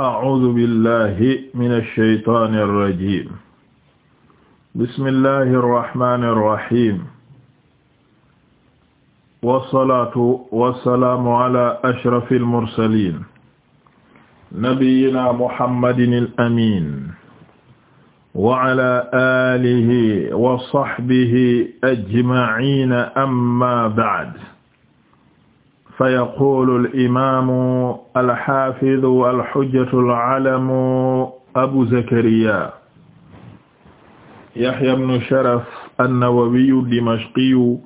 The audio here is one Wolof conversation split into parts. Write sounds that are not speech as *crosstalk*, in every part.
أعوذ بالله من الشيطان الرجيم بسم الله الرحمن الرحيم والصلاة والسلام على أشرف المرسلين نبينا محمد الأمين وعلى آله وصحبه أجمعين أما بعد fa yaqulu al'imamu alxafidu alxujjatu alalamu abu zakariya yaxya bnu sharaf annawawiyu dimashqiyu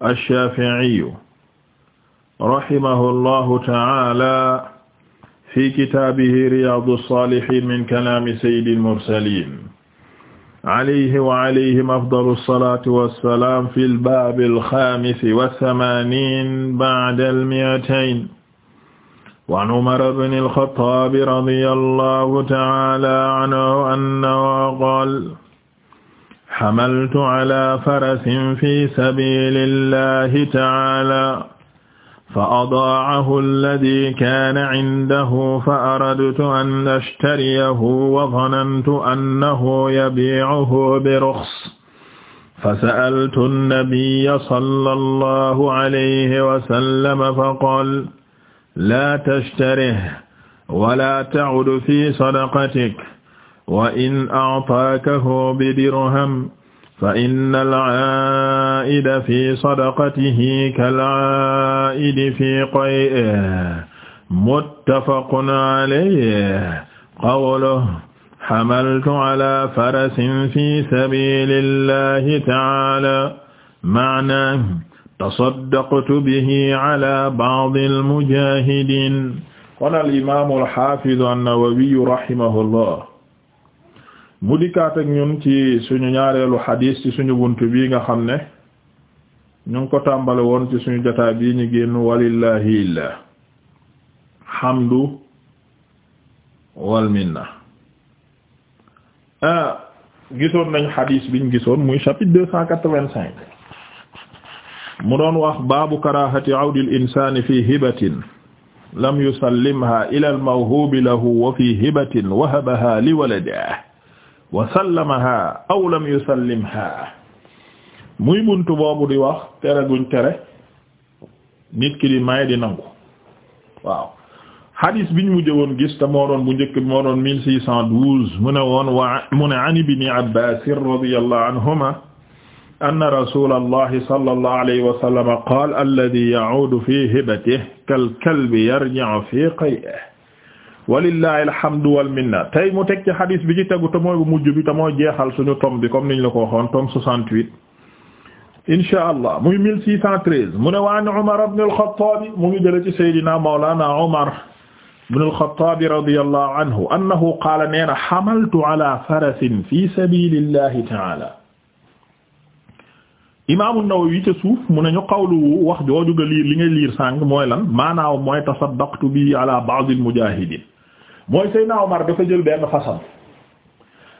alshaaficiyu rahimahu allahu taala fi kitaabihi riyaadu alsaalihiin min kalaami sayyidil mursaliin alayhi wa alayhim afdalu salaati wa salaam fil baabil xaamisi wa samaaniin ba'dal mi'atayn wa an Umar ibnil Xattaab radiyallaahu ta'aalaa anhu annahu qaala hamaltu alaa farasin fii sabiilillaahi ta'aalaa فأضاعه الذي كان عنده فأردت أن أشتريه وظننت أنه يبيعه برخص فسألت النبي صلى الله عليه وسلم فقال لا تشتره ولا تعد في صدقتك وإن أعطاكه بدرهم fa inna al-aa'ida fi sadaqatihi kal-aa'idi fi qay'ihi muttafaqun alayhi qawluhu hamaltu ala farasin fi sabiilillahi ta'aala ma'naahu tasaddaqtu bihi ala ba'dil mujaahidiin qaala al-imaamu al-haafidu an-Nawawi rahimahullah mu dikkaat ak ñun ci suñu ñaareelu xadiis ci suñu bunt bii nga xam ne ñu ngi ko tàmbale woon ci suñu jotaay bii ñu génn walillahi la hamdu wal minna ah gisoon nañ xadiis biñ gisoon muy chapitre 285 mu doon wax baabu karahati awdi al insani fi hibatin lam yusallimha ila al mawhubi wa fi hibatin wahabaha li waladihi wa sallamaha aw lam yusallimha muy buntu boobu di wax tere guñ tere nit ki di may di nangu waaw hadis biñ mujj woon gis te moo doon bu njëkk bi moo doon mille six cent douze mu ne woon wa mu ne an ibni abbas radiyallahu anhuma anna rasulallahi sallallahu alayhi wa sallam qaala alladhi ya'uudu fi hibatihi kal kalbi yarji'u fi qay'ihi walillahi alhamdu wal minna tey mu teg ci xadis bi ci tegu te mooy bu mujj bi te mooy jeexal suñu tom bi comme niñ la ko waxoon tom 68 insha allah muy 1613 mu ne wa an Umar ibn al-Khattab mu ngi jële ci Seydina Mawlana Umar ibn al-Khattab radiyallahu anhu annahu qaala nee na hamaltu ala farasin fi sabilillahi ta'ala imaamu Nawawi ca suuf mu ne ñu qawlu wax jooju nga liir li ngay liir sànq mooy lan maanaaw mooy tasaddaqtu bi ala ba'd al-mujahidin mooy Seydina Omar dafa jël benn façon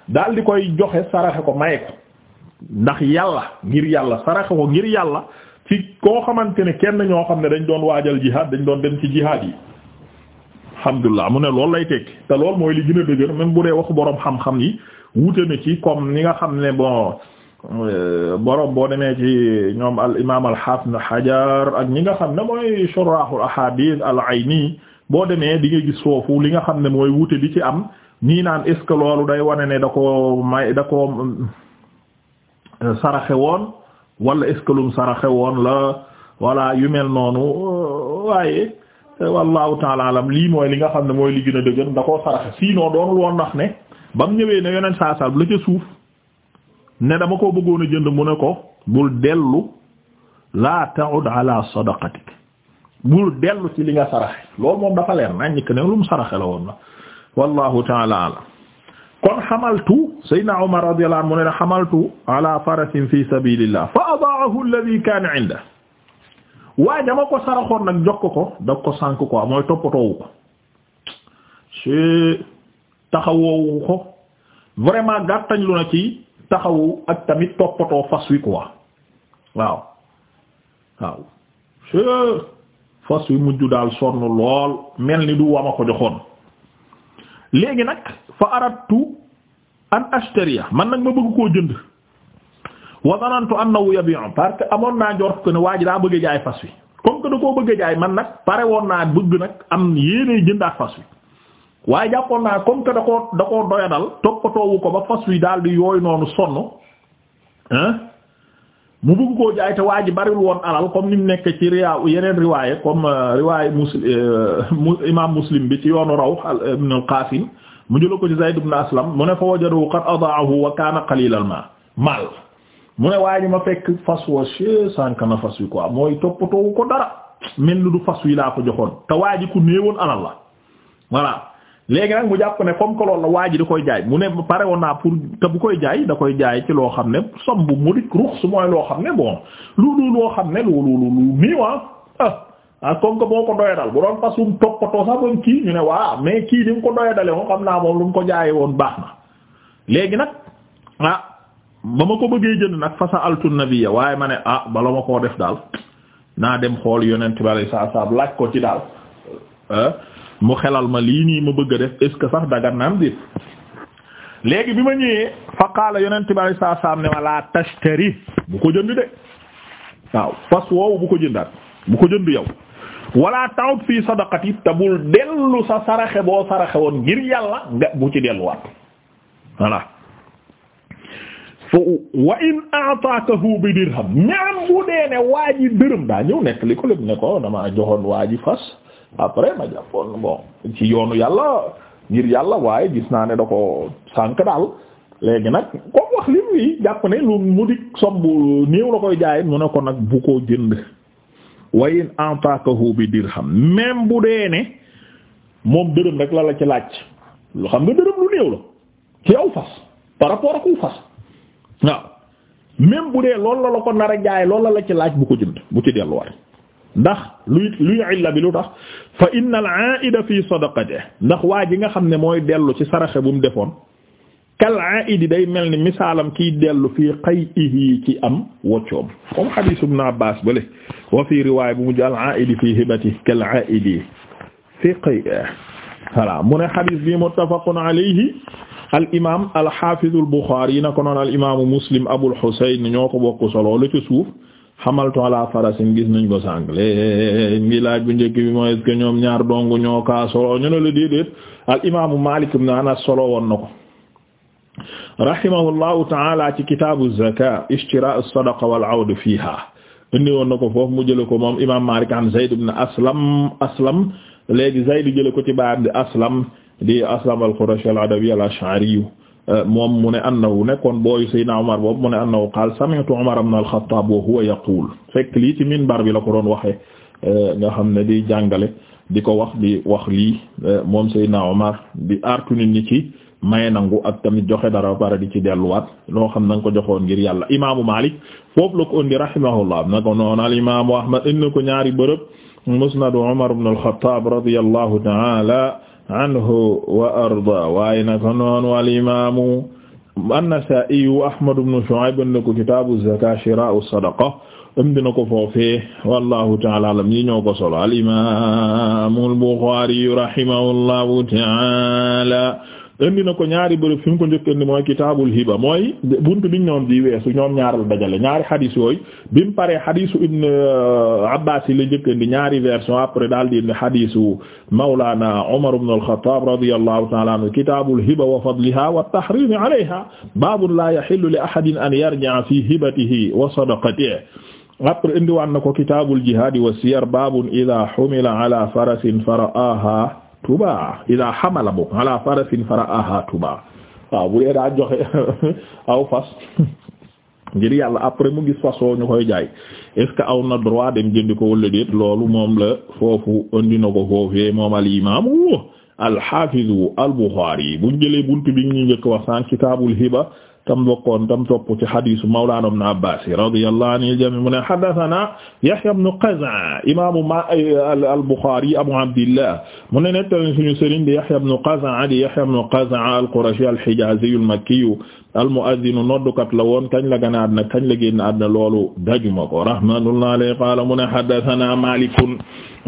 daal di koy joxe saraxe ko maye ko ndax yàlla ngir yàlla saraxe ko ngir yàlla ci koo xamante ne kenn ñoo xam ne dañ doon waajal jihaad dañ doon dem ci jihaad yi xam alhamdulilah mu ne loolu lay tekki te lool mooy li gën a dëgër même bu dee waxu boroom xam-xam yi wute na ci comme ni nga xam ne bon euh, boroom boo demee ci ñoom al imaam al haafid ak ñi nga xam ne mooy shurahul ahadith al ayni boo demee di nga gis foofu li nga xam ne mooy wuute li ci am ñii naan est ce que loolu day wane ne da ko may da koo euh, saraxe woon wala est saraxe woon la wala yu mel noonu euh, waaye wallahu taala alam lii mooy li nga xam ne mooy li gën a dëgër da koo saraxe sinon doonul woon ndax ne ba mu ñëwee ne yoneen saa sal la ca suuf ne dama ko bëggoon jënd mu ne ko bul dellu la ta'ud ala sadaqatik bul dellu ci li nga saraxe loolu moom dafa leer nañ ñi ne lu mu saraxe la woon la wallahu taala alam kon xamaltu saydna Umar radiyallahu anhu mu ne xamaltu ala farasin fi sabilillah fa adaahu alladhi kaana inda waaye dama ko saraxoon nag jox ko ko daf ko sànk quoi mooy toppatoowu ko si taxawoowu ko vraiment gàttañ lu na ci taxawu ak tamit toppatoo fas wi quoi waaw waaw fas wi mujj daal sonn lool mel ni du wama ko joxoon léegi nag fa aradtu an ashtariya man nag ma bëgg koo jënd wa am na yabi'u parce que amoon naa njort ko ne waa ji daa bëgg jaay fas wi comme que da koo bëgg jaay man nag pare woon naa bëgg nag am yéene jëndaat fas wi waaye jàppoon naa comme que da koo da koo doyadal ko ba fas wi daal di yooyu noonu sonn hein mu bëgg koo jaay te waa ji bariwul woon alal comme ni mu nekk ci riwaa yeneen riwaaye comme euh, riwaaye muslim euh, imaam muslim bi ci yoonu raw ibn al mu jëla ko ci Zayd ibn Aslam mu ne fa wajadahu qad adaahu wa kaana qalilal ma mu ne waa ji ma fekk fas wa she sànk na fas wi quoi mooy toppatoowu ko dara mel ni du fas wi laa ko joxoon te waa ji ku néewoon alal la voilà léegi nag mu jàpp ne comme que loolu la waa ji da koy jaay mu ne pare woon naa pour te bu koy jaay da koy jaay ci loo xam ne somme bu mu dik ruux su mooy loo xam ne bon lu loo xam ne loolu lu waa ah. ah ah comme boo ko doyadal bu doon fasum toppatoo sax ba kii ñu ne waa mais kii ni ko doyadalee moom xam naa moom lu mu ko jaayee woon baax na léegi nag ah ba ma ko bëggee jënd nag fasa altu nabiyya waaye ma ne ah bala ma koo def daal naa dem xool yonent bi sallallahu alayhi wasallam laaj ko ci daal ah. mu xelal ma lii nii ma bëgg a def est sax dagan naam dit léegi bi ma ñëwee fa qaala yonent bi saa saam ne ma tashtari bu ko jënd de waaw fas woowu bu ko jëndaat bu ko jënd yow wala ta'ud fii sadaqati te bul dellu sa saraxe boo saraxe woon ngir yàlla nga bu ci delluwaat voilà fo wa in a'takahu bi dirham ñaam bu dee ne waa dërëm daa ñëw nekk li ko lépp ne ko dama joxoon waa fas après ma jàppoon bon ci yoonu yàlla ngir yàlla waaye gis naa ne da ko sànq daal léegi nag comme wax lim wi jàpp ne lu mu di somb néew la koy jaay mu ne ko nag bu ko jënd wayin antakahu bi dirham même bu dee ne moom dërëm rek la la ci laaj lu xam nga dërëm lu néew la ci aw fas par rapport ak fas waaw même bu dee loolu la la ko nar a jaay loolu la la ci laaj bu ko jënd bu ci delluwaat ndax luy luy illa bi lu tax fa al aida fi sadaqatihi ndax waa ji nga xam ne mooy dellu ci saraxe bu mu defoon kal aidi day mel ni misaalam kiy dellu fii qay'ihi ci am woccoom comme hadith ibn abbas bale wa fi riwaaya bu mujj al aidi fii hibatihi kal aidi fii qay'ihi mu ne hadith bi muttafaqun alayhi al imam al hafiz al bukhari na ko noon al imam muslim abul husayn ñoo ko bokk solo la ci suuf xamaltu ala farasin gis nañ ko sànq léegi bu njëkk bi mooy est-ce que ñaar dong ñoo kaa solo ñu ne la déedéet al imaamu Maalik ibn Anas solo woon na ko rahimahullahu taala ci kitaabu zaka ishtira as-sadaqa wal awd fiha indi woon na ko foofu mu jële ko moom imaam Maalik an Zayd ibn Aslam Aslam léegi Zayd jële ko ci baam di Aslam di Aslam al-Qurashi al-Adawi al-Ash'ari moom mu ne annahu nekkoon booyu Seydina Omar boobu mu ne annahu qaal sami'tu Umar ibn al-Khattab wa huwa yaqul fekk lii ci minbar bi la ko doon waxee euh, nga xam ne di jàngale di ko wax di wax lii euh, moom Seydina Omar di artu nit ñi ci may nangu ak tamit joxe dara ba pare di ci delluwaat loo xam na nga ko joxoon ngir yàlla imaamu Maalik foofu la ko indi rahimahullah na ko noon al imaamu Ahmad indi ko ñaari bërëb musnadu Umar ibn al-Khattab radiyallahu ta'ala anhu wa arda waaye naka noonu wal imaamu an-Nasaa'i Ahmad ibn Shu'ayb na ko kitaabu zakaat shiraa'u sadaqa indi na ko foofee wallaahu ta'aala a'lam ñi ñoo ko solo al imaamu al-Bukhaari rahimahullahu ta'aala indi na ko ñaari bërëb fi mu ko njëkk indi mooy kitaabul hiba mooy buntu biñ ñoom di weesu ñoom ñaar la dajale ñaari xadiis yooyu bi mu paree xadiisu ibn euh, Abbaas yi la njëkk indi ñaari version après daal di indi xadiisu mawlaana Umar ibn al-Xattaab radiyallahu ta'ala anhu kitaabul hiba wa fadliha wa tahrim alayha baabun la yahillu li ahadin an yarji'a fi hibatihi wa sadaqatihi après indiwaan na ko kitaabul jihaad wa siyar baabun idaa humila ala farasin fara'aaha tuba ida xamala bok ala farasin fara aha tuba waaw bu dee joxe *laughs* aw fas *laughs* ngir yàlla après mu gis façon ñu koy jaay est ce que aw na droit dem jëndi ko wala déet loolu moom la foofu andi na ko moom al imam al hafiz buntu bi ñu njëkk kitaabul hiba tam bokkoon tam topp ci hadiisu mawlaana ibn Abbaas radiyallahu anil jamii' mu ne haddasanaa Yahyaa ibn Qaz'a imaamu ma al-Buxaari Abu Abdillah mu ne nettali suñu sëriñ di Yahyaa ibn Qaz'a di Yahyaa ibn Qaz'a al-Qurashi al-Hijaazi al-Makki al-mu'azzin noddukat la woon kañ la gën a àddina kañ la génn àddina loolu dajuma ko rahmatullahi alayhi qaala mu ne haddasanaa Maalik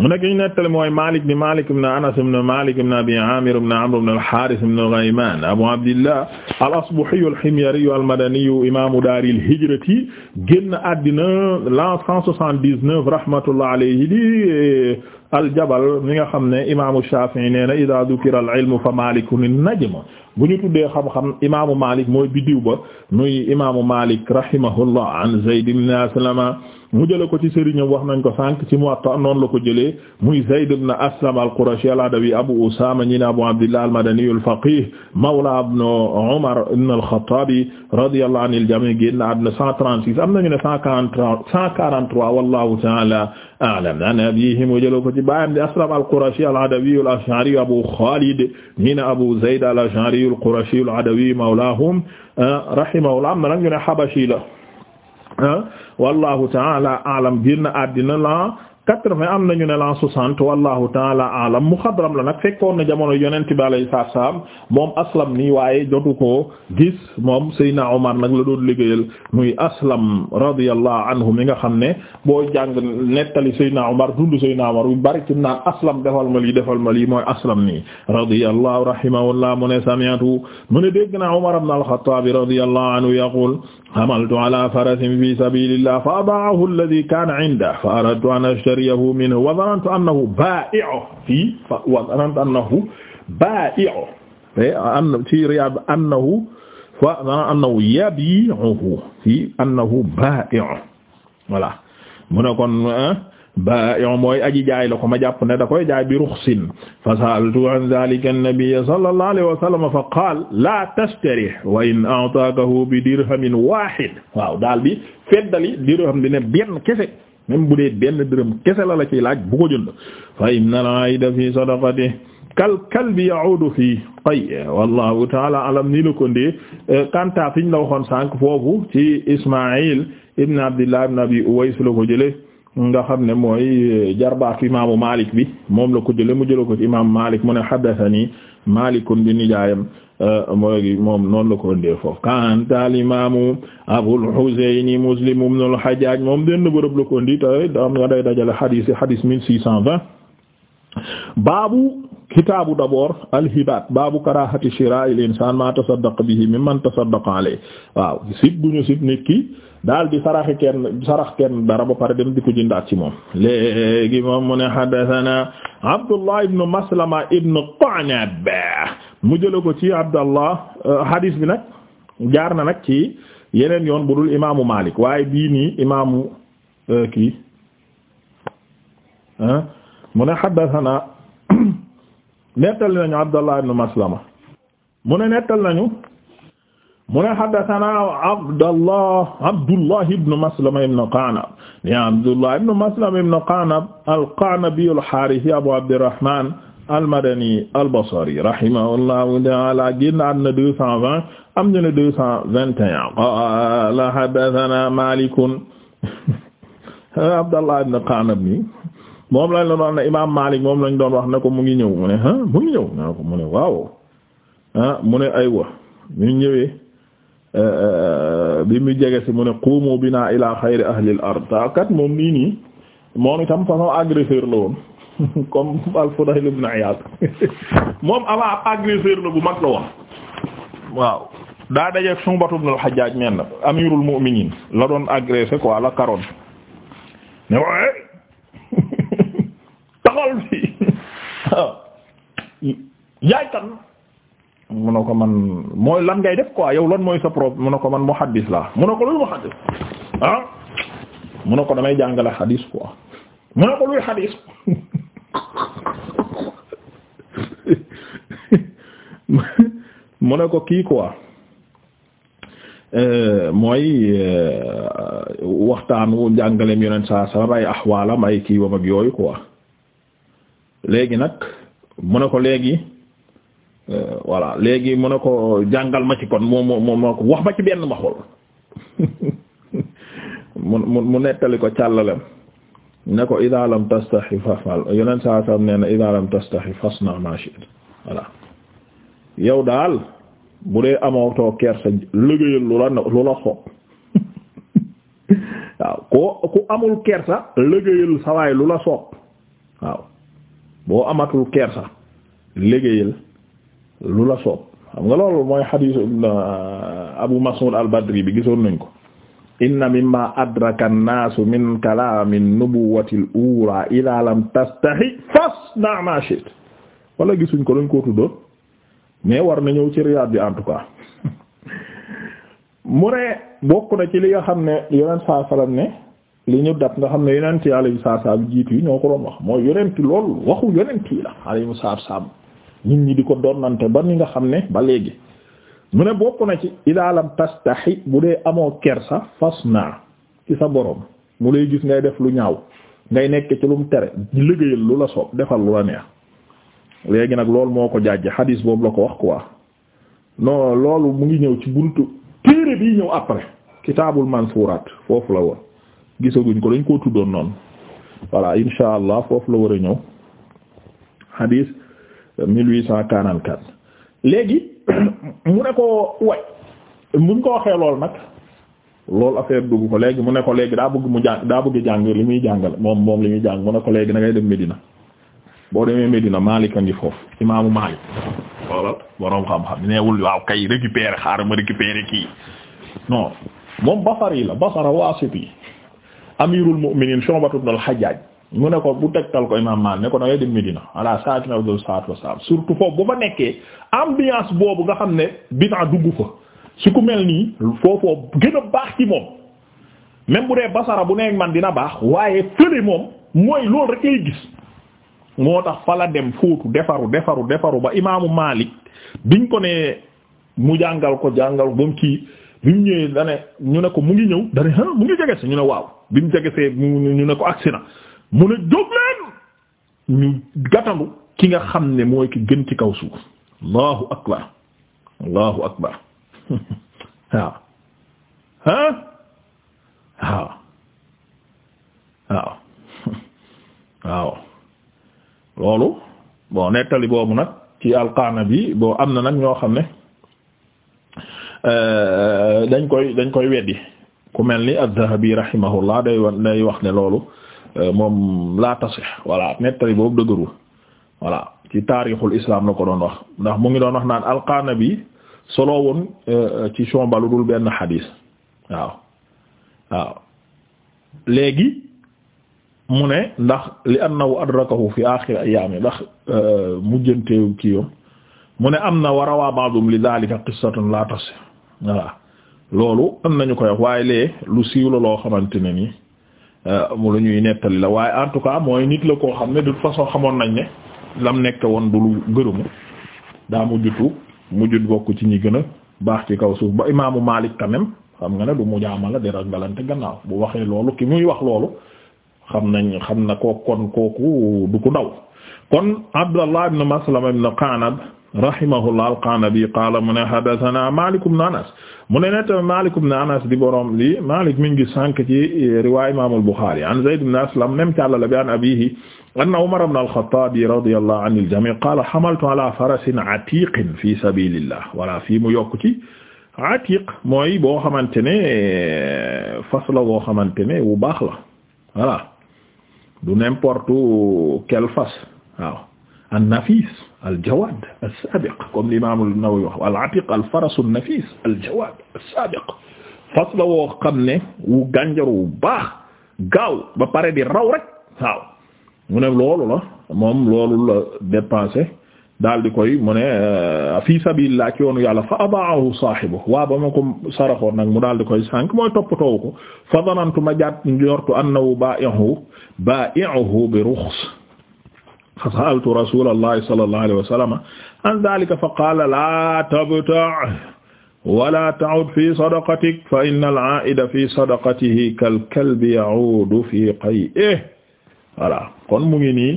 mu nekk ñu nettali mooy Malik ibn Malik ibn Anas ibn Malik ibn Abi Amir ibn Amr ibn al-Harith ibn Ghayman Abu Abdillah al-Asbahi al-Himyari al-Madani imamu daari al-hijrati génn àddina l'an 179 rahmatullah alayhi di al-Jabal mi nga xam ne imamu Shafi'i nee na idha dhukira al-ilmu fa Malikun an-najm bu ñu tuddee xam-xam imamu Malik mooy biddiw ba nuy imamu Malik rahimahullah an Zayd ibn Aslama mu jële ko ci sëriñam wax nañ ko sànq ci Muwatta noonu la ko jëlee muy Zayd ibn Aslam al-Qurashi al-Adawi Abu Usama ñi Abu Abdillah al-Madani al-faqih mawla ibn Umar ibn al-Khattab radiyallahu anil jami' génn àdduna 136 am nañu ne 143 143 wallahu ta'ala a'lam an abihi mu jële ko ci baayam di Aslam al-Qurashi al-Adawi al-Ash'ari Abu Khalid ñi Abu Zayd al-Ash'ari al-Qurashi al-Adawi mawlahum rahimahullah am na nag ñu ne Habashi la wallahu taala alam génn àddina la quatre-vingt am nañu ne l'an soixante wallahu taala alam muxadram la nag fekkoon na jamono yonent bi alayhi salaam moom aslam nii waaye jotu ko gis moom Seydina Omar nag la doon liggéeyal muy aslam radiyallahu anhu mi nga xam ne boo jàng nettali Seydina Omar dund Seydina Omar bu bari ci naan aslam defal ma lii defal ma lii mooy aslam nii radiyallahu rahimahullah mu ne sami'tu mu ne dégg naa Omar ibn al-Khattab radiyallahu anhu yaqul hamaltu ala farasin fi sabilillah fa aba'ahu alladhi kana 'indahu fa aradtu shariyahu minhu wa dhanantu annahu baa'i'u fii wa dhanantu annahu baa'i'u an fii Riyaad annahu fa dhanantu annahu yabi'uhu fii annahu baa'i'u voilà mu ne kon baa'i'u mooy aji jaay la ko ma jàpp ne da koy jaay bi ruxsin fa sa'altu an dhaalika an-nabiyya sallallahu alayhi wa sallam fa qaala laa tashtari wa in a'taakahu bi dirhamin waahid waaw daal bi feddali dirham bi ne benn kese même bu dee benn dërëm kese la la ciy laaj bu ko jënd fa inna al-ayda fi sadaqati kal kalbi ya'udu fi tay wallahu taala alam nii la ko ndee euh, fiñ la waxoon sànq foofu ci ismail ibn abdillah ibn abi uways la ko jële nga xam ne mooy euh, jarbaatu imaamu Malik bi moom la ko jële mu jële ko ci imaamu Malik mu ne haddathani Malikun bi nijaayam euh, mooy moom noonu la ko ndee foofu kanta al imaamu Abul Husayni Muslim ibn al Hajjaj moom benn bërëb la ko ndi te am nga day dajale hadis hadis mille six cent vingt baabu kitaabu d'abord alhibaat baabu karahati shira'il insaan ma tasaddaq bihi mimman tasaddaq alayhi waaw sib gu ñu sib nit ki daal di saraxi kenn sarax kenn dara ba pare dem di ko jëndaat ci moom léegi moom mu ne hadathana abdullah ibn maslama ibn qanab mu jël ko ci abdallah hadis bi nag jaar na nag ci yeneen yoon bu dul imaamu malik waaye bii nii imaamu euh, kii mu ne hadathana nettali nañu Abdallah ibn Maslama mu ne nettali nañu mu ne haddathana Abdallah Abdullah ibn Maslama ibn Qa'nab ya Abdullah ibn Maslama ibn Qa'nab al-Qa'nabi al-Harithi Abu Abdirrahman al-Madani al-Basri rahimahullahu ta'ala génn am na deux cent vingt am na deux cent vingt et un qala haddathana Malikun *laughs* Abdallah ibn Qa'nab moom lañ la doon ne imaam Maalik moom lañ doon wax ne ko mu ngi ñëw mu ne ah mu ngi ñëw naa ko mu ne waaw ah, mu ne aywa ñu ñëwee eh, eh, bi mu jege si mu ne qumu bina ila xayri ahlil ard ta kat moom nii nii moom itam façon agresseur la woon *laughs* comme al-Fudayl ibn Iyad *laughs* moom avant agresseur la bu mag la woon waaw daa dajeeg Sumbatu ibn al-Hajjaj men amirul mu'minin la doon agressé quoi la karoon lool fii waaw ah. yaay kan mu ko man mooy lan ngay def quoi yow lan mooy sa propre mu ne ko man muhaddis laa mu ne ko luy muhaddis ah mu ko damay jàngale xadiis quoi mu ne ko luy xadiis *laughs* mu ko kii quoi euh, mooy euh, waxtaanu jàngaleem yonent saa salaam ay axwaalam ay kii wam ak yooyu quoi léegi nag mu ne ko léegi euh, voilà léegi mu ne ko jàngal ma ci kon moom moom moo ko wax ma ci benn ma xool *laughs* mu mu nettali ko càllalem ne ko idha lam tastahi fafal yonent saa sam na idha lam ma voilà yow daal bu dee amootoo kersa liggéeyal lu la lu la xoob *laughs* waaw ko ku amul kersa liggéeyal sawaay lu la soob waaw boo amatul kersa liggéeyal lu la soob xam nga loolu mooy xadiis uh, Abu Mas'ud al-Badri bi gisoon nañ ko inna mimma adraka an-naasu min kalaami an-nubuwwati al-uulaa idaa lam tastahi fasna' maa shi'ta wala gisuñ ko dañ koo tuddoon mais war na ñëw ci Riyad bi en tout cas *laughs* mu ne bokk na ci li nga xam ne yonent saa salaam ne li ñu dab nga xam ne yonent yi alayhi salaam jiitu yi ñoo ko doon wax mooy yonent loolu waxu yonent yi la alayhi salaam nit ñi di ko donnante ba ni nga xam ne ba léegi mu ne bokk na ci idaa lam tastahi bu dee amoo kersa fas naa ci sa borom mu lay gis ngay def lu ñaaw ngay nekk ci lu mu tere liggéeyal lu la soob defal lu la neex léegi nag loolu moo ko jàjj xadiis boobu la ko wax quoi non loolu mu ngi ñëw ci buntu téere bii ñëw après kitaabul foofu la woon gisaguñ ko dañ koo tuddoon noonu voilà insha allah foofu la war a ñëw hadis 1844 léegi *clears throat* mu ne ko way buñ ko waxee lool nag lool affaire dugg ko léegi mu ne ko léegi daa bëgg mu jàng daa bëgg jàng li muy jàngal moom moom li muy jàng mu ne ko léegi da dem médina boo demee Medina Malik a ngi foofu imaamu Malik loolal boroom xam-xam neewul waaw kay récupérer xaaral ma récupérer kii non moom Basari la Basara waasiti amirul mu'minin Shu'batu ibn al-Hajjaj mu ne ko bu tegtal ko imam Maalik ne ko da ngay dem Medina ala saakina afdal salaatu wassalaam surtout foofu bu fa nekkee ambiance boobu nga xam ne bida dugg ko si ku mel nii foofoo gën a baax ci moom même bu dee basara bu nekk man dina baax waaye fële moom mooy loolu rek lay gis moo tax fa la dem fóotu defaru defaru defaru ba imaamu Maalik biñ ko ne mu jàngal ko jàngal ba mu kii bi mu ñëwee da ñu ne ko mu ngi ñëw da ne ah, mu ngi jege si ñu ne waaw bi mu jege see ñu ne ko agsi na mu ne jóg leen ñu gàttandu ki nga xam ne mooy ki gën ci kaw suuf allahu akbar allahu akbar *laughs* waaw ah waaw waaw *laughs* waaw loolu bon nettali boobu nag ci alqaana bi boo am na nag ñoo xam ne Euh, dañ koy dañ koy weddi ku mel ni az-Zahabi rahimahullah day day wax ne loolu euh, moom la tasih voilà nettali boobu dëgërul voilà ci taarixul islam la ko doon wax ndax mu ngi doon wax naan al bi solo woon euh, ci chombalu dul benn a waaw waaw léegi mu ne ndax li annahu adrakahu fi aaxir ayaami ndax mujjanteewu kii yoon mu ne am na wa rawaa ba'dum li daalika qissatun la tasih voilà loolu am nañu ko wax waaye lee lu siiw la loo xamante ne ni euh, mu la ñuy nettali la waaye en tout cas mooy nit la koo xam ne du toute façon xamoon nañ ne lam nekk woon du lu gërëmu daa mujjutu mujjut bokk ci ñi gëna baax ci kaw suuf ba imaamu Malik quand même xam nga ne du mu jaamala di rangalante gannaaw bu waxee loolu ki muy wax loolu xam nañ xam na koo kon kooku du ko ndaw kon Abdallah ibn Maslama ibn Qanab rahimahullah al-Qanabi qaala mu ne haddathana Malik ibn Anas mu ne netta Malik ibn Anas di borom li Malik mi ngi sànk ci riwaaya Imam al-Bukhari an Zayd ibn Aslam nem càllala bi an abihi anna Umar ibn al-Khattab radiyallahu anil jami' qaala hamaltu ala farasin atiqin fi sabilillah wala fii mu yokk ci atiq mooy boo xamante ne fas la boo xamante ne bu baax la voilà du n'importe quel fas waaw an nafis aljawaad as-saabiq comme l'imam an-Nawawi wax al-atiq al-faras an-nafis aljawaad as-saabiq fas la woo xam ne wu gànjar wu baax gaaw ba pare di raw rek waaw mu ne loolu la moom loolu la dépensé daal di koy mu ne fi sabilillah ci yoonu yàlla fa adaahu saahibu waa ba ma ko saraxoon nag mu daal di koy sànq mooy toppatoowu ko fa zanantu ma jàtt njortu annahu baa'i'uhu baa'i'uhu bi ruxs fa sa'altu rasulallahi sallallahu alayhi wa sallam an dhalika fa qaala laa tabta' wala ta'ud fi sadaqatik fa inna al-'aa'ida fi sadaqatihi kal-kalbi ya'uudu fi qay'ihi voilà kon mu ngi nii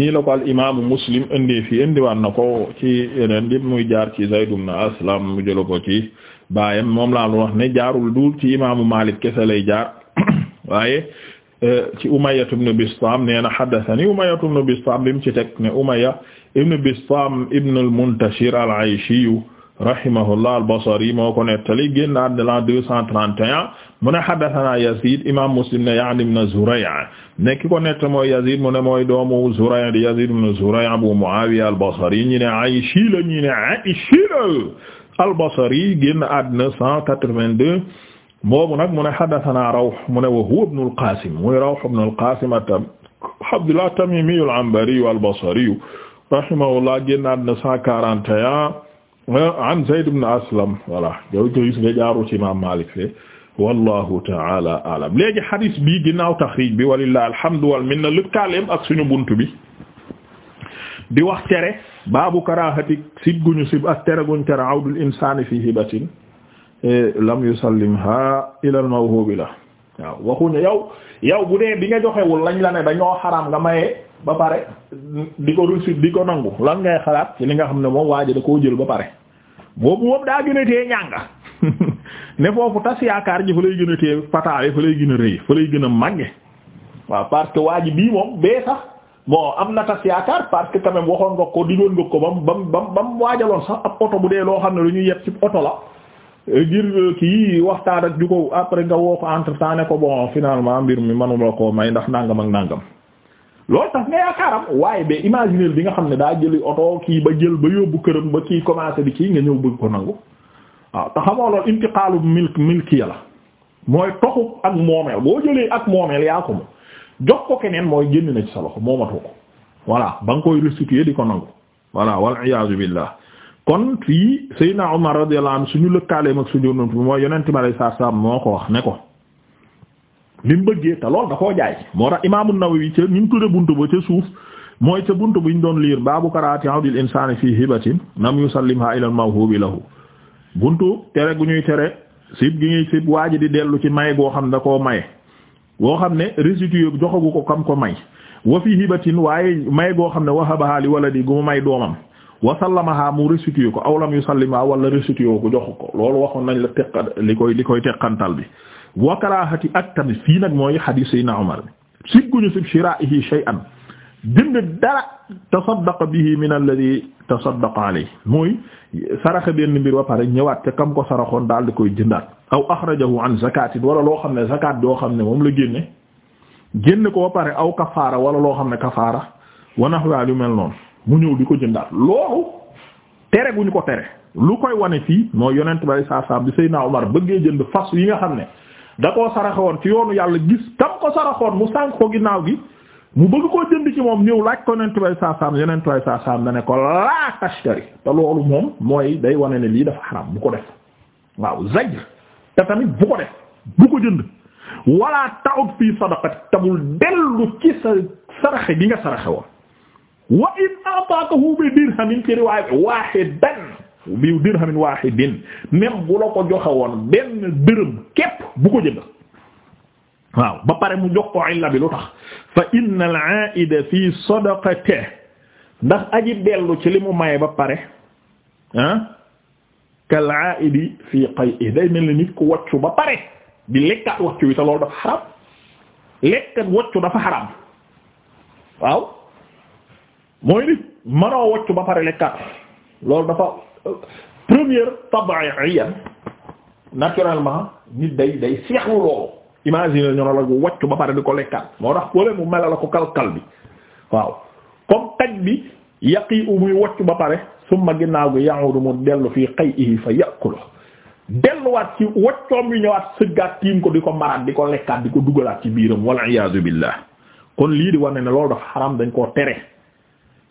nii la ko al imaamu Muslim indi fi indiwaat na ko ci yeneen di muy jaar ci Zayd ibn Aslam mu jëloon ko ci baayam moom laa wax ne jaarul duul ci imaamu Maalik kese lay jaar *coughs* waaye. ci Umayya ibn Bistaam nee na haddathanii Umayya ibn Bistaam bi mu ci teg ne Umayya al-Muntashir al-Ayshi rahimahullah al-Basri moo ko nettali génn àddina 231 mu ne haddathanaa Yaziid imaam Muslim ne ya'ni ibn Zuray' ne ki ko nett mooy Yaziid mu ne mooy doomu Zuray' di Yaziid ibn Zuray' Abu Mu'aawiya al-Basri ñi ne Ayshi la ñi ne Ayshi al-Basri génn àddina 182 moomu nag mu ne haddathana Rawh mu ne wa huwa ibn al-Qasim muy Rawh ibn al-Qasim Abdullah at-Tamimi al-Anbari al-Basri rahimahullah génnaat na cent quarante et un an Zayd ibn Aslam voilà yow gis nga jaaru ci Imam Malik fe wallahu ta'ala a'lam léegi hadis bi ginnaaw taxrij bi walillahi alhamdu wal minna lëkkaaleem ak suñu bunt bi di wax tere baabu karaahati sib guñu sib ak tere guñ tere awdul insaani fi hibatin Eh, lam yusallimha ila al-mawhubi la waaw waxuñu yow yow bu dee bi nga joxewul lañ la ne dañoo xaraam nga maye ba pare di ko reçu di ko nangu lan ngay xalaat ci li nga xam ne moom waa ji da koo jël ba pare boobu moom daa gën a tee ñànga *laughs* ne foofu tas yaakaar ji fa lay gën a tee pataawe fa lay gën a rëy fa lay gën a màgge waaw parce que waa ji bii moom bee sax bon am na tas yaakaar parce que quand même waxoon nga ko digoon nga ko bam bam bam bam waajaloon sax ab oto bu dee loo xam ne lu ñu yeb oto la ngir euh, kii waxtaan ak ju ko après nga woo ko entre ne ko bon finalement mbir mi manuma koo may ndax nangam ak nangam loolu tax nga yaakaaram waaye be imaginer bi nga xam ne daa jëli oto kii ba jël ba yóbbu këram ba kii commencé bi kii nga ñëw bëgg ko nangu waaw te xamoo loolu intiqaalu milk milk ya la mooy toxu ak moomeel boo jëlee ak moomeel yaa ko moom jox ko keneen mooy génn na ci sa loxo moomatoo ko voilà ba nga koy restituer di ko nangu voilà wal iyaazu kon fii Seydina Umar radiyallahu anhu suñu lëkkaaleem ak suñu yonent bi mooy yonent bi alayhi salaam moo ko wax ne ko li mu bëggee te lool da koo jaay moo tax Imaam An-Nawawi ca ñu tudde buntu ba ca suuf mooy ca buntu bu ñu doon liir baabu karaahati awdil insaani fii hibatin nam yusallimhaa ilal mawhuubi lahu buntu tere gu ñuy tere sib gi ñuy sib waa ji di dellu ci may goo xam ne da koo maye goo xam ne restitué joxagu ko kam ko may wa fii hibatin waaye may goo xam ne wahabahaa li waladi gu mu may doomam wasallamaha mu restitué ko awlam yu sallima wala restitué ko jox ko loolu waxoon nañ la teqa li koy li koy teqantal bi wa karaahati ak tamit fii nag mooy hadith sayna Umar bi sigguñu sib shiraa'ihi shay'an jënd dara tasaddaqa bihi min alladhi tasaddaqa alayhi mooy saraxe benn mbir ba pare ñëwaat te kam ko saraxoon daal di koy jëndaat aw axrajahu an zakatin wala loo xam ne zakat doo xam ne moom la génne génn ko ba pare aw kafaara wala loo xam ne kafaara wa nahwa lu mel noonu mu ñëw di ko jëndaat loolu tere gu ñu ko tere lu koy wane fii mooy yonent bay saa saa bi Seydina Omar bëggee jënd fas yi nga xam ne da koo woon ci yoonu yàlla gis tam ko saraxoon mu sànq ko ginnaaw gi mu bëgg koo jënd ci moom ñëw laaj ko yonent bay saa saam yonent bay saa saam ne ko laa tashtari te loolu moom mooy day wane ne lii dafa xaram bu ko def waaw zajr te tamit bu ko def bu ko jënd wala ta'ud fii sadaqati tabul dellu ci sa gi nga saraxe woon wa in a'taakahu bi dirhamin ci riwaaya waahidan bi dirhamin waahidin même bu la ko joxe woon benn dërëm képp bu ko jënd waaw ba pare mu jox ko illa bi lu tax fa inna al-aa'ida fi sadaqatihi ndax aji dellu ci li mu maye ba pare ah kal aa'idi fi qay'ihi day mel ni nit ku wàccu ba pare di lekkat wàccu wi te loolu dafa xaram lekkat wàccu dafa xaram waaw mooy nit mënoo wocc ba pare lekkat loolu dafa première tabiyan naturellement nit day day seexlu loolu imagine ñoo la wocc ba pare di ko lekkaat moo tax wala mu mela la ko kalkal bi waaw comme taj bi yaqi u muy wocc ba pare summa ginnaaw gi ya'udu mu dellu fii qay'ihi fa ya'kulu delluwaat ci woccoom yu ñëwaat sëggaat tiim ko di ko maraat di ko lekkaat di ko dugalaat ci biiram wal iyaadu billah kon lii di war ne ne loolu dafa xaram dañ koo tere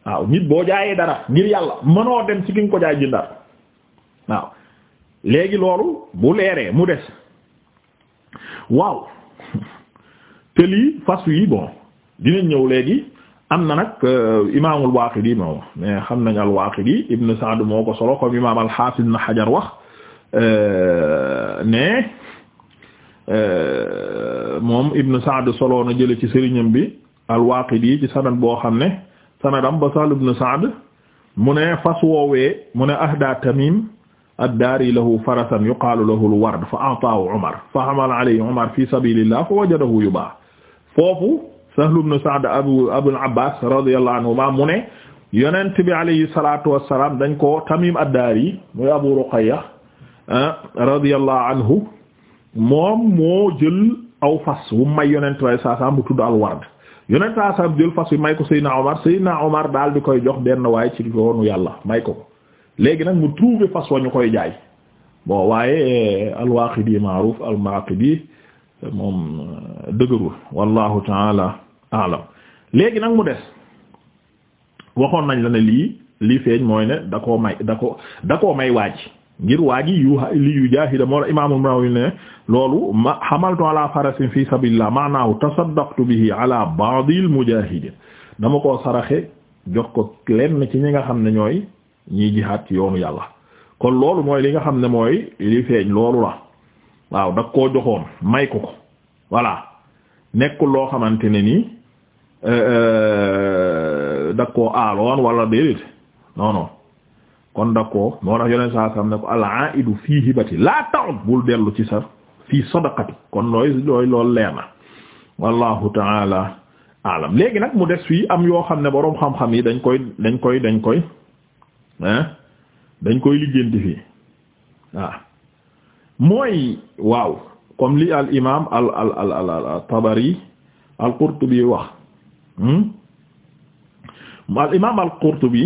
waaw nit boo jaayee dara ngir yàlla mënoo dem ci ki ko jaay ji dara waaw léegi loolu bu leeree mu des waaw *laughs* te lii fas yi bon dinañ ñëw léegi am na nag euh, imaamul Waaqidi moo mais xam nañ al Waaqidi Ibn Sa'd moo ko solo comme imaam al-Hafiz Ibn Hajar wax euh, ne euh, moom Ibn Sa'd solo na jële ci sëriñam bi al Waaqidi ci sanad boo xam ne. sanadam ba Sahl ibn Sa'd mu ne fas woowee mu ne ahda Tamim ad-daari lahu farasan yuqaalu lahu al-ward fa a'taahu Umar fa hamala alayhi Umar fi sabilillah fa wajadahu yubaax foofu Sahl ibn Sa'd abu Abul Abbaas radiyallahu anhuma mu ne yonent bi alayhi salaatu wa salaam dañ ko Tamim ad-daari muy Abu Ruqayya ah, radiyallahu anhu moom moo jël aw fas wu may yonent bi alayhi salaam bu tudd al-ward yonent saa saam jël fas wi may ko Seydina Omar Seydina Omar daal di koy jox benn waaye ci yoonu yàlla may ko ko léegi nag mu trouvé fas wa ñu koy jaay bon waaye eh, al-Waaqidi ma'ruf al-Waaqidi eh, moom eh, dëgërul wallahu taala alam léegi nag mu des waxoon nañ la ne lii li feeñ mooy ne da koo may da ko da koo may waaji ngir waa ji yu li yu jaahida moo la imaamul Nawawi ne loolu ma hamaltu ala farasin fi sabilillah maanaahu tasaddaqtu bihi ala ba'dil mujaahidin dama koo saraxe jox ko lenn ci ñi nga xam ne ñooy ñi jihaad ci yoonu yàlla kon loolu mooy li nga xam ne mooy li feeñ loolu la waaw da koo joxoon may ko ko voilà nekkul loo xamante ne nii euh, euh, da koo aaloon wala déedéet non kon da koo moo tax yoneen saa sam ne ko al aidu fii hibati laa ta'ud bul dellu ci sa fii sadaqati kon looy looy loolu leer na wallahu taala alam léegi nag mu des fii am yoo xam ne boroom xam-xam yi dañ koy dañ koy dañ koy ah dañ koy lijjanti fii waaw mooy waaw comme li al imam al al al al tabari al qurtubi wax hmm? al imam al qurtubi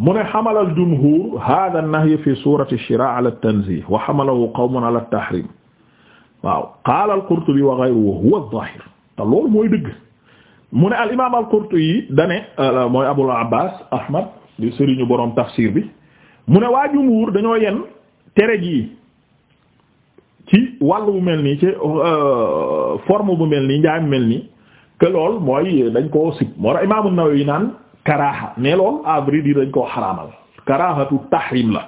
mu ne xamala aljumhur hada annahyu fi surati shira ala tanzih wa xamalahu qawmun ala tahrim waaw qaala alqurtubi wa ghayruhu wa huwa adh-dhahir te loolu mooy dëgg mu ne al imam alqurtubi dane mooy abul abbas ahmad di sëriñu boroom tafsir bi mu ne waa jumhur dañoo yen tere gi ci wàllu bu mel nii ci euh, forme bu mel nii njaay mel nii que lool mooy dañ koo sib moo tax imam an-Nawawi naan karaaha mais loolu à vrai dañ koo xaraamal karaahatu tahrim la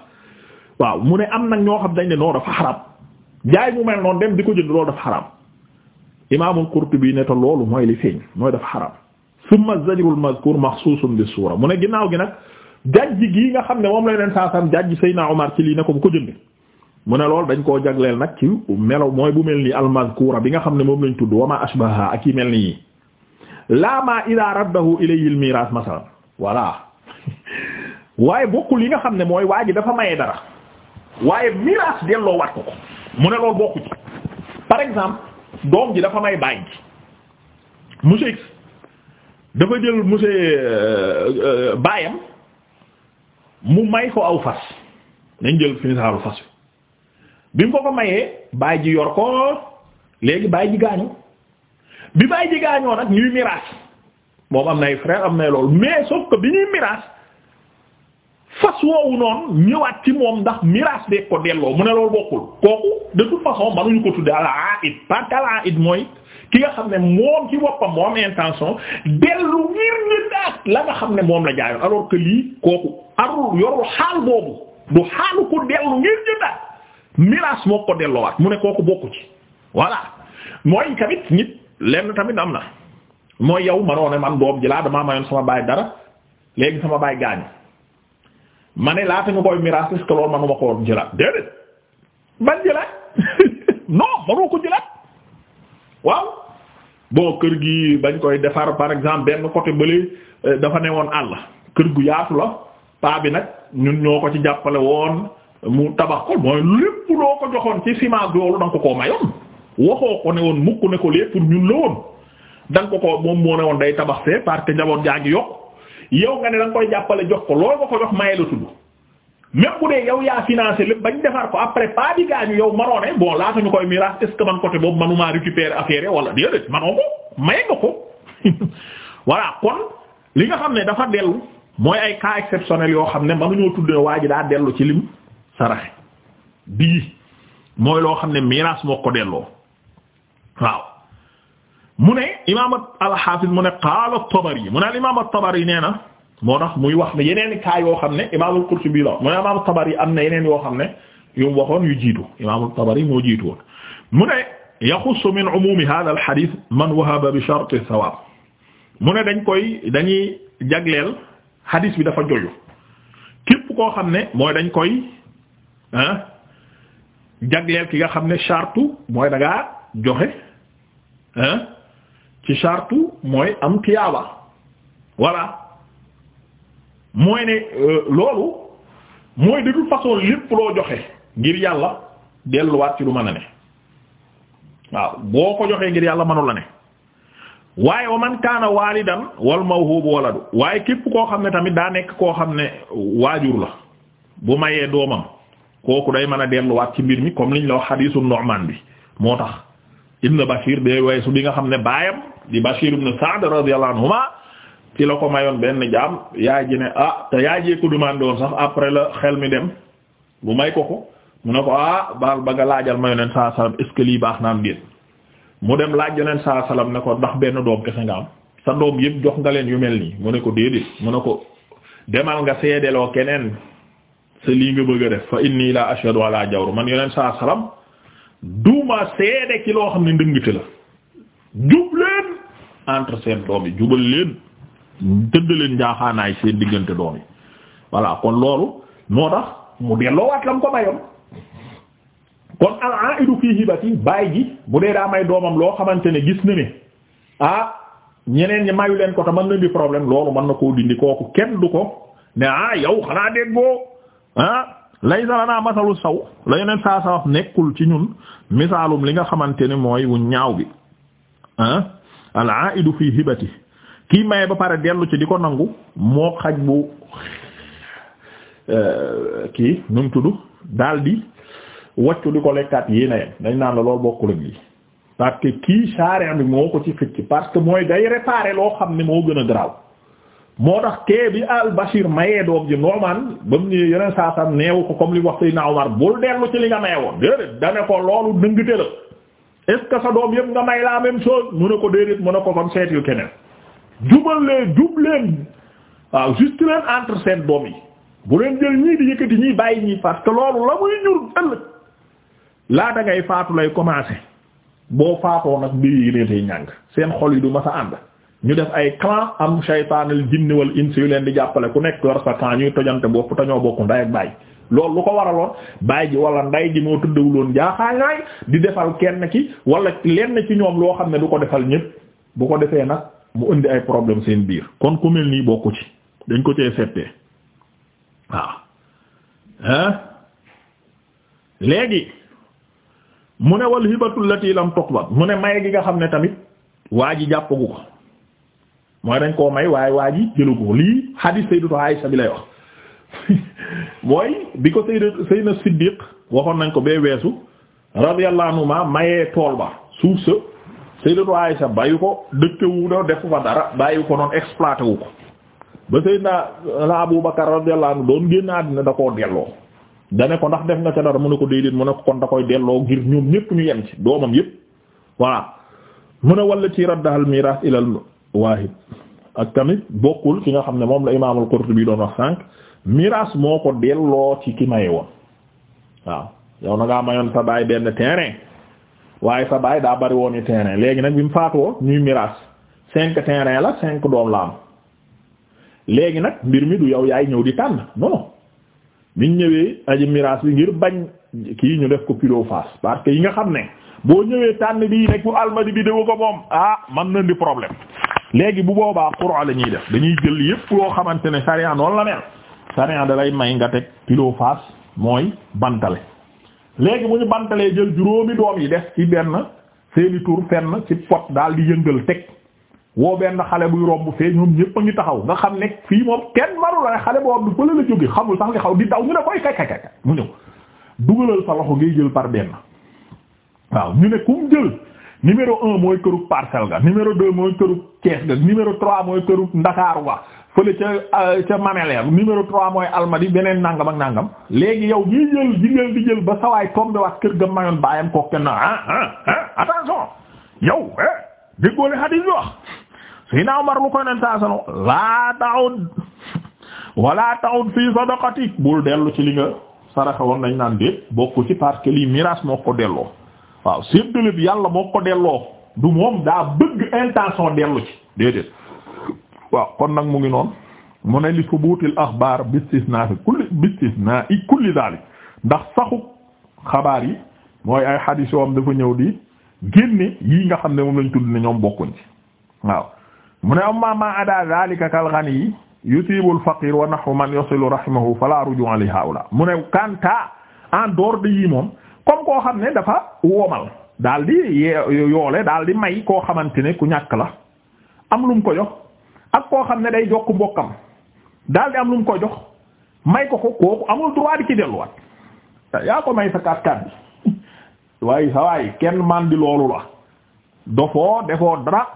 waaw mu ne am nag ñoo xam dañ ne noonu dafa xaraam jaay mu mel noonu dem di ko jënd loolu dafa xaraam imaamul Qurtubi ne te loolu mooy li feeñ mooy dafa xaraam summa zajrul mazkur maxsuusun bi suura mu ne ginnaaw gi nag jajji gii nga xam ne moom la leen saasam jajji Seydina Omar ci lii ne ko bu ko jënd mu ne loolu dañ koo jagleel nag ci melo mooy bu mel ni al mazkura bi nga xam ne moom lañ tudd wama ashbaha ak yi mel nii laa ma ida raddahu ilayhi al miras masalan voilà waaye bokkul li nga xam ne mooy waa ji dafa maye dara waaye miras delloo wat ko ko mu ne loolu bokku ci par exemple doom ji dafa may baay ji monsieur X dafa jël monsieur euh, euh, baayam mu may ko aw fas nañ jël fi fas bi mu ko ko mayee baay ji yor ko léegi baay ji gaañu bi bàyyi ji gaañoo nag ñuy miraas moom am nay frère am nay loolu mais sauf que bi ñuy miraas fas woowu noonu ñëwaat ci moom ndax miraas beeg ko delloo mu ne loolu bokkul kooku de toute façon mënuñu ko tudde al aid parce que al mooy ki nga xam ne moom ci boppam moom intention dellu ngir ñu daat la nga xam ne moom la jaayoon alors que lii kooku arul yorul xaal boobu du xaalu ko dellu ngir ñu daat miraas moo ko delloowaat mu ne kooku bokku ci lenn tamit am na mooy yow manoo ne man doom ji laa damaa mayoon sama baay dara léegi sama baay gaañu ma ne laata ñu koy miraas est loolu manuma ko woon jëlaat déedéet ban jëlaat *laughs* non manoo ko jëlaat waaw bon kër gi bañ koy defar par exemple benn côté bële euh, dafa ne woon àll kër gu yaatu la paa bi nag ñun ñoo ko ci jàppale woon mu tabax ko mooy lépp loo ko joxoon ci ciment loolu danga ko koo mayoon waxoo ko ne woon mukk ne ko lee pour ñun la woon da ko ko moom moo ne woon day tabax fee parce que njaboot jaa ngi yokk yow nga ne da nga koy jàppale jox ko loolu nga ko jox maye la tudd même bu dee yow yaa financé lépp bañ defar ko après pas bi gaañu yow manoo ne bon laata ñu koy miraas est ce que man côté boobu manuma récupérer affaire wala déedéet manoo ko maye nga ko *laughs* voilà kon li nga xam ne dafa dellu mooy ay cas exceptionnel yoo xam ne mënuñoo tuddee waa ji daa dellu ci lim saraxe bii mooy loo xam ne miraas moo ko delloo. waaw mu ne imaam al-Hafiz mu ne qaala at-Tabari mu ne al-imaam at-Tabari nee na moo tax muy wax ne yeneen i cas yoo xam ne imaam al-Qurtubi la mu ne imaam at-Tabari am na yeneen yoo xam ne yu mu waxoon yu jiitu imaam at-Tabari moo jiitu woon mu ne yaxussu min umuumi haadha al-hadith man wahaba bi sharti sawaab mu ne dañ koy dañuy jagleel hadith bi dafa joyu képp koo xam ne mooy dañ koy ah jagleel ki nga xam ne shartu mooy da ngaa joxe hein ci chartu mooy am tiyaaba voilà mooy ne euh, loolu mooy de toute façon lépp loo joxe ngir yàlla delluwaat ci lu mën a ne waaw boo ko joxee ngir yàlla mënu la ne waaye wa man kaana waalidan wal mawhubu waladu waaye képp koo xam ne tamit daa nekk koo xam ne waajur la bu mayee doomam kooku day mën a delluwaat ci mbir mi comme liñ la wax xadiisu Nu'man bi moo tax ibn Bashir day waysu bi nga xam ne baayam di Bashir ibn Sa'd radiyallahu anhuma ci la ko mayoon benn jaam yaay ji ne ah te yaay jee ko demandé sax après la xel mi dem bu may ko ko mu ne ko ah baal ba nga laajal ma yoneen saa salaam est baax naa am mu dem laaj yoneen saa salaam ne ko ndax benn doom kese nga am sa doom yëpp jox nga leen yu mel nii mu ne ko déedéet mu ne ko demal nga seedeloo keneen sa lii nga bëgg def fa inni la ashhadu ala jawr man yoneen saa ma seede ci loo xam ne ndëngte la jub leen entre seen doom yi jubal leen tëdd leen njaaxaanaay seen diggante doom yi voilà kon loolu moo tax mu delloo waat la mu ko mayoon kon al-a'idu fii hibati baay ji bu dee daa may doomam loo xamante ne gis na ne ah ñeneen ñi mayu leen ko te man na di problème loolu mën na koo dindi kooku kenn du ko ne ah yow xanaa déggoo ah laysa lanaa masalu saw la yeneen saa sa nekkul ci ñun misaalum li nga xamante ne mooy wu ñaaw bi ah al aidu fii hibati kii maye ba pare dellu ci di ko nangu moo xaj bu euh, kii nu mu tudd daal di waccu di ko lekkaat yéena yem dañ naan la lool bokkul ak lii parce que kii sharia bi moo ko ci xëcc parce que mooy day réparer loo xam ne moo gën a garaaw moo tax kee bi al Bashir mayee doom ji Nu'man ba mu ñëwee yeneen saa saa neewu ko comme li wax naaw Omar bul dellu ci li nga maye woon déedéet da ko loolu dëngte la est sa doom yëpp nga may la même chose mu ne ko déedéet mu ne ko kon seet yu keneen jubal leen jub waaw juste leen entre seen doom yi bu leen jël ñii di yëkkati ñii bàyyi ñii parce que loolu la muy ñur ëllëg laata ngay faatu lay commencer boo faatoo nag mbir yi ne tey ñàng seen xol yi du ma sa ànd. ñu def ay clan am shaytaanal jinni wal insi yu leen di jàppale ku nekk yor sa clan ñuy tojante bopp te ñoo bokk nday ak baay loolu lu ko waraloon baay ji wala nday ji moo tuddawuloon jaaxaanaay di defal kenn ki wala lenn ci ñoom loo xam ne du ko defal ñépp bu ko defee nag mu indi ay problème seen biir kon ku mel nii bokku ci dañ ko cee settee waaw hein léegi mu ne wal hibatul lati lam tuqbad mu ne may gi nga xam ne tamit waa ji jàppagu ko mooy dañ koo may waaye waa ji jëlu ko lii hadith sayyidatu Aisha bi lay wax *laughs* mooy bi ko sayyidatu sayyidna Siddiq waxoon nañ ko bee weesu radiyallahu anhuma mayee tool ba suuf sa sayyidatu Aisha bàyyi ko dëkkewu do defu fa dara bàyyi ko noonu exploité wu ko ba sayyidna la Abu Bakar radiyallahu anhu doon génn àddina da koo delloo dane ko ndax def nga ca dara mu ne ko déedéet mu ne ko kon da koy delloo ngir ñoom ñëpp ñu yem ci doomam yëpp voilà mu ne walla ci raddahal miraas ilal waahid ak tamit bokkul ki nga xam ne moom la imaamul Qurtubi doon wax sànq miraas moo ko delloo ci ki maye woon waaw yow na ngaa mayoon sa baay benn terrain waaye sa baay daa bari woon i terrain léegi nag bi mu faatoo ñuy miraas cinq terrain la cinq doom la am léegi nag mbir mi du yow yaay ñëw di tànn non biñ ñëwee aji miraas bi ngir bañ kii ñu def ko pilo face parce que yi nga xam ne boo ñëwee tànn bi nekk bu almadi bi déwu ko moom ah man na di problème léegi bu boobaa qur'a la ñuy def dañuy jël yépp loo xamante ne sariya noonu la mel sariya da lay may nga teg pilo face mooy bantale léegi bu ñu bantalee jël juróomi doom yi def ci benn seeni tur fenn ci pot dal di yëngal teg woo benn xale buy romb fee ñoom ñépp a ngi taxaw nga xam ne fii moom kenn maru la xale boobu bi fële la jóge xamul sax li xaw di daw ñu ne koy kay kay kay mu ñëw dugalal sa loxo ngay jël par benn waaw ñu ne kum jël numéro un mooy kërug parcelle ga numéro deux mooy kërug Thiès ga numéro trois mooy kërug Ndakaaru wa fële ca euh, ca Mamelles numéro trois mooy Almadi beneen nangam ak nangam léegi yow ñuy jël di jël ba sawaay tombe waat kër ga mayoon baayam ko kenn ah ah ah attention yow eh déggoole hadis bi wax si naaw mar lu koy nen saa laa ta'ud wala ta'ud fii sadaqatik bul dellu ci li nga saraxa woon lañ naan déet bokku ci parce que miraas moo ko delloo waaw séddale bi yàlla moo ko delloo du moom daa bëgg intention dellu ci déedéet waaw kon nag mu ngi noonu mu ne li subuutil axbaar bi istisnaa fi kulli bi i kulli daalik ndax saxu xabaar yi mooy ay xadiis yoo am dafa ñëw di génne yi nga xam ne moom lañ tudd ne ñoom bokkuñ ci waaw mu ne amma ma ada zalika kal ghani yusibul faqir wa nahwu man yasilu rahimahu fala ruju' li haula mu ne kanta en dehors de moom comme koo xam ne dafa woomal daal di yoole daal di may koo xamante ne ku ñàkk la am lu ko jox ak koo xam ne day jokk mbokkam daal di am lu ko jox may ko ko kooku amul droit di ci delluwaat yaa ko may sa kaat-kaat bi *laughs* waaye sa waaye kenn man di loolu la dofoo defoo dara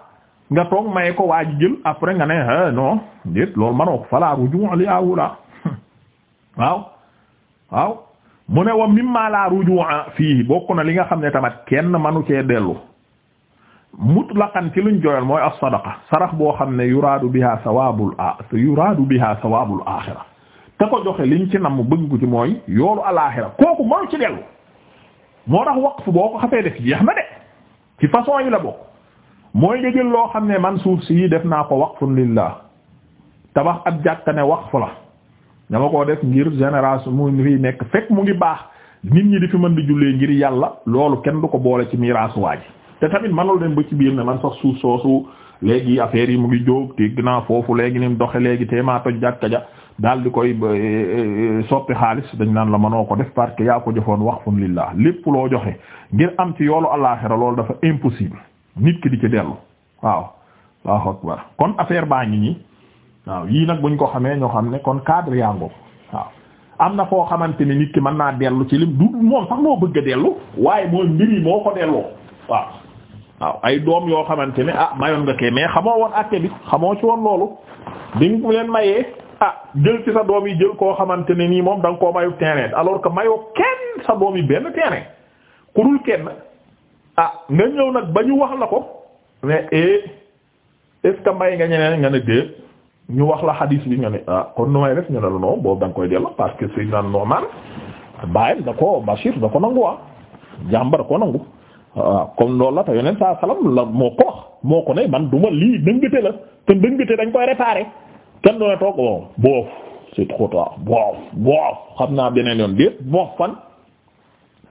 nga toog maye ko waaj ji jël après nga ne eh, non déet loolu manoo ko falaa ruju li awula *laughs* waaw waaw mu ne wa mimma la fii bokk na li nga xam ne tamat kenn manu cee dellu mutlaqan ci luñ joyal mooy as-sadaqa sarax boo xam ne yuraadu biha sawaabul a yuraadu biha sawaabul aaxira te ko joxe liñ ci nam bëgg ci mooy yoolu alaaxira kooku manu ci dellu moo tax waqf boo ko xafee def jeex na de ci façon yi la bokk mooy nga jël loo xam ne man suuf si def naa ko waqfun lillah tabax ab jàkka ne waqf la dama ko def ngir génération mu ngi fiy nekk fekk mu ngi baax nit ñi di fi man di jullee ngir yàlla loolu kenn du ko boole ci miraas waa ji te tamit manul dem ba ci biir ne man sax suuf soosu léegi affaire yi mu ngi jóg dégg naa foofu léegi ni mu doxe léegi teemaa toj jàkka ja daal di koy e, e, e, sotti xaalis dañ naan la mënoo ko def parce que yaa ko joxoon waqfun lillah lépp loo joxe ngir am ci yoolu àllaaxira loolu dafa impossible nit ki di ci dellu waaw waaw akbar kon waaw yii nag buñ ko xamee ñoo xam ne kon cadre yango waaw am na foo xamante ni nit ki man naa dellu ci lim du moom sax moo bëgg a dellu waaye mooy mbir moo ko delloo waaw waaw ay doom yoo xamante ne ah mayoon nga kee mais xamoo woon àtte bi xamoo ci woon loolu bi nga leen mayee ah jël ci sa doom yi jël koo xamante ne nii moom da nga koo mayu terrain alors que mayoo kenn sa doom yi benn terrain ku dul kenn ah nga ñëw nag ba ñu wax la ko mais eh may nga ñeneen nga ne ñu wax la xadiis bi nga ne ah kon nu may def ñu ne la non boobu da koy delloo parce que Seydina Nu'man bàyyam da ko Bashir da ko nangu ah jàmba ko nangu waaw ah, comme loolu la te yeneen saa salaam la moo ko wax moo ko ne man duma lii dëngate la te dëngate dañ koy réparer kenn doone toog bon boof c'est trop tard boof xam naa beneen yoon déet boof fan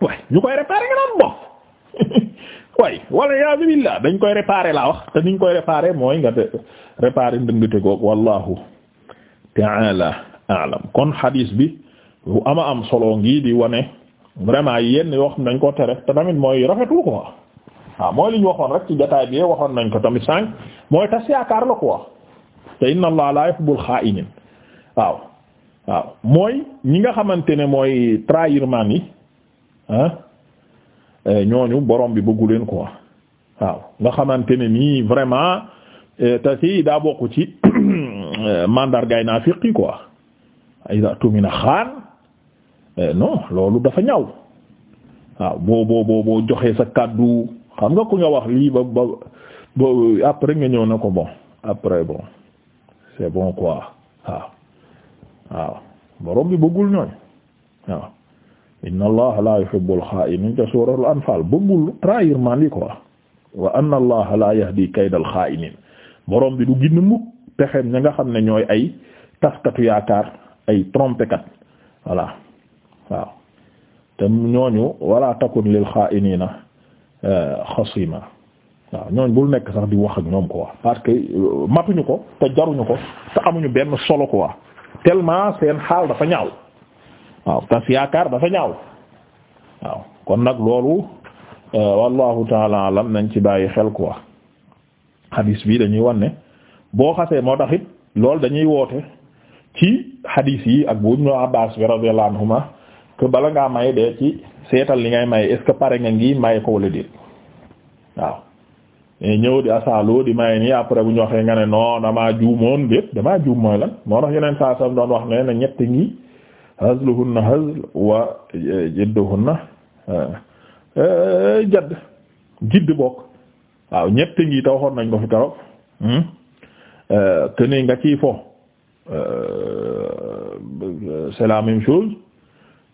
waaye ñu koy réparer nga naan boof *laughs* way wala yaasu billah dañ koy réparer laa wax te niñ koy réparer mooy nga de réparer ndëngate goog wallahu ta'ala a'lam kon hadis bi lu ama am solo ngi di wane vraiment yenn yoo xam dañ ko tere te tamit mooy rafetul quoi waaw mooy li ñu waxoon rek ci jotaay bi waxoon nañ ko tamit sànq mooy tas yaakaar la quoi te inna allah la yuhibbul xaa'inin waaw waaw mooy ñi nga xamante ne mooy trahirman yi ah, Euh, ñooñu borom bi bëggu leen quoi waaw nga xamante ne nii vraiment euh, te ci daa bokk ci *clears throat* mandargaay naafiq yi quoi ida tumina xaan euh, non loolu dafa ñaw waaw boo boo boo joxee sa kàddu xam nga ku nga wax lii ba ba ba après nga ñëw na ko bon après bon c'est bon quoi waaw waaw borom bi bëggul ñooñ waaw inna allaha la yuhibbul xaa'iniin ca suuratul anfaal bëggul trahir man yi quoi wa anna allaha la yahdi kaydal xaa'iniin borom bi du gin mukk pexeem ña nga xam ne ñooy ay taskatu yaakaar ay trompekat voilà waaw te ñooñu wala takun lil xaa'iniina euh, xasima waaw ñooñ bul nekk sax di wax ak ñoom quoi parce que euh, matuñu ko te jaruñu ko te amuñu benn solo quoi tellement seen xaal dafa ñaaw. waaw tas yaakaar dafa ñaaw waaw kon nag loolu euh, wallahu taala alam nañ ci bàyyi xel quoi hadis bii dañuy wan boo xasee moo tax it loolu dañuy woote ci hadis yi ak bu Ibnu Abbaas bi radiyallahu anhuma que bala ngaa may de ci seetal li ngay may est pare nga ngi may ko wala déet waaw eh, ñëw di asaaloo di may nii après bu ñu waxee nga ne non damaa juumoon déet damaa juum mooy lan moo tax yeneen saa sam doon wax ne na ñett ngi hazluhunna hazl wa jidduhunna eh, jadd jidd bokk waaw ñett ngi taw waxoon nañ ko fi tarop teni hmm? eh, nga ciy fo eh, c'est la même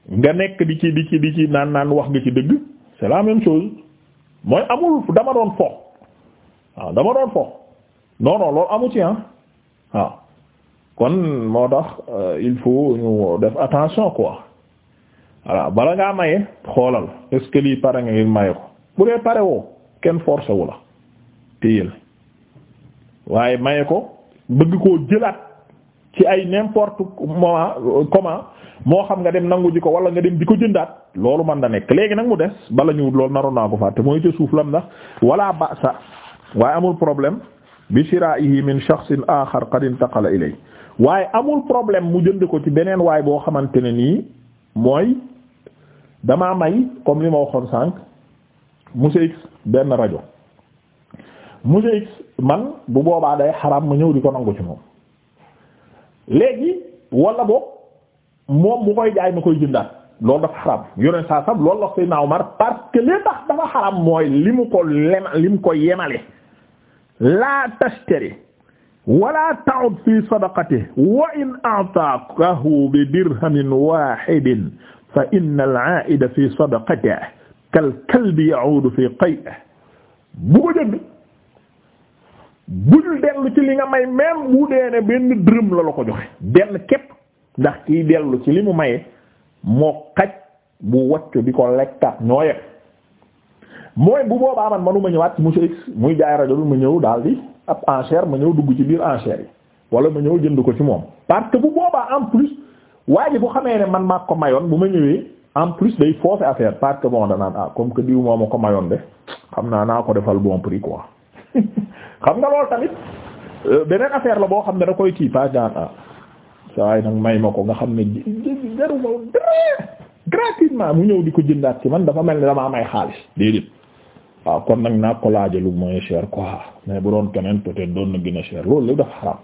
nga nekk di ci di ci naan naan wax nga ci dëgg c'est la même mooy amul dama doon fo waaw dama doon fo non loolu amu ah. waaw kon moo tax euh, il faut ñu def attention quoi voilà bala ngaa maye xoolal est-ce lii pare nga ngir maye ko bu dee pare woo kenn forcé wu la téyel waaye maye ko bëgg koo jëlaat ci ay n'importe moment comment moo xam nga dem nangu ji ko wala nga dem di ko jëndaat loolu man da nekk léegi nag mu des bala ñu loolu naru naa ko fàtte mooy ca suuf lam ndax wala ba sa waaye amul problème bi shiraa'ihi min shakhsin aaxar qad intaqala ilay waaye amul problème mu jënd ko ci beneen waay boo xamante ne nii mooy damaa may comme li ma waxoon sànq monsieur X benn rajo monsieur X man bu boobaa day xaraam ma ñëw di ko nangu ci moom léegi walla boog moom bu koy jaay ma koy jëndaat loolu dafa xaraam yoneen saa sam loolu la naaw Omar parce que li tax dafa xaraam mooy li mu ko lema li mu ko yemale laa tashtari wala ta'ud fi sadaqatihi wa in a'taqahu bi dirhamin wahidin fa inna al-'aa'ida fi sadaqatihi kal kalbi ya'uudu fi qay'ihi bu ko jënd bul dellu ci li nga may même bu dee ne benn dërëm la la ko joxe benn képp ndax kiy dellu ci li mu maye moo xaj bu wàcc di ko lekkaat ñoo yegg mooy bu boobaa man manuma ñëwaat ci monsieur X muy jaay rajo bi ma ñëw daal di ab enchère ma ñëw dugg ci biir encher yi wala ma ñëw jënd ko ci moom parce que bu boobaa en plus waa ji bu xamee ne man maa ko mayoon bu ma ñëwee en plus day forcer affaire park que bon danaan ah, comme que diw moo ma ko mayoon de xam naa naa ko defal bon prix quoi *laughs* xam nga loolu tamit euh, beneen affaire la boo xam ne da koy kii pas daan ah saa yi ma ko nga xam ne jaruma gratuitement mu ñëw di ko jëndaat ci man dafa mel ni damaa may xaalis waaw kon nag naa ko laaja lu mooy cher quoi mais bu doon keneen peut doon na gën a cher loolu lépp dafa xaram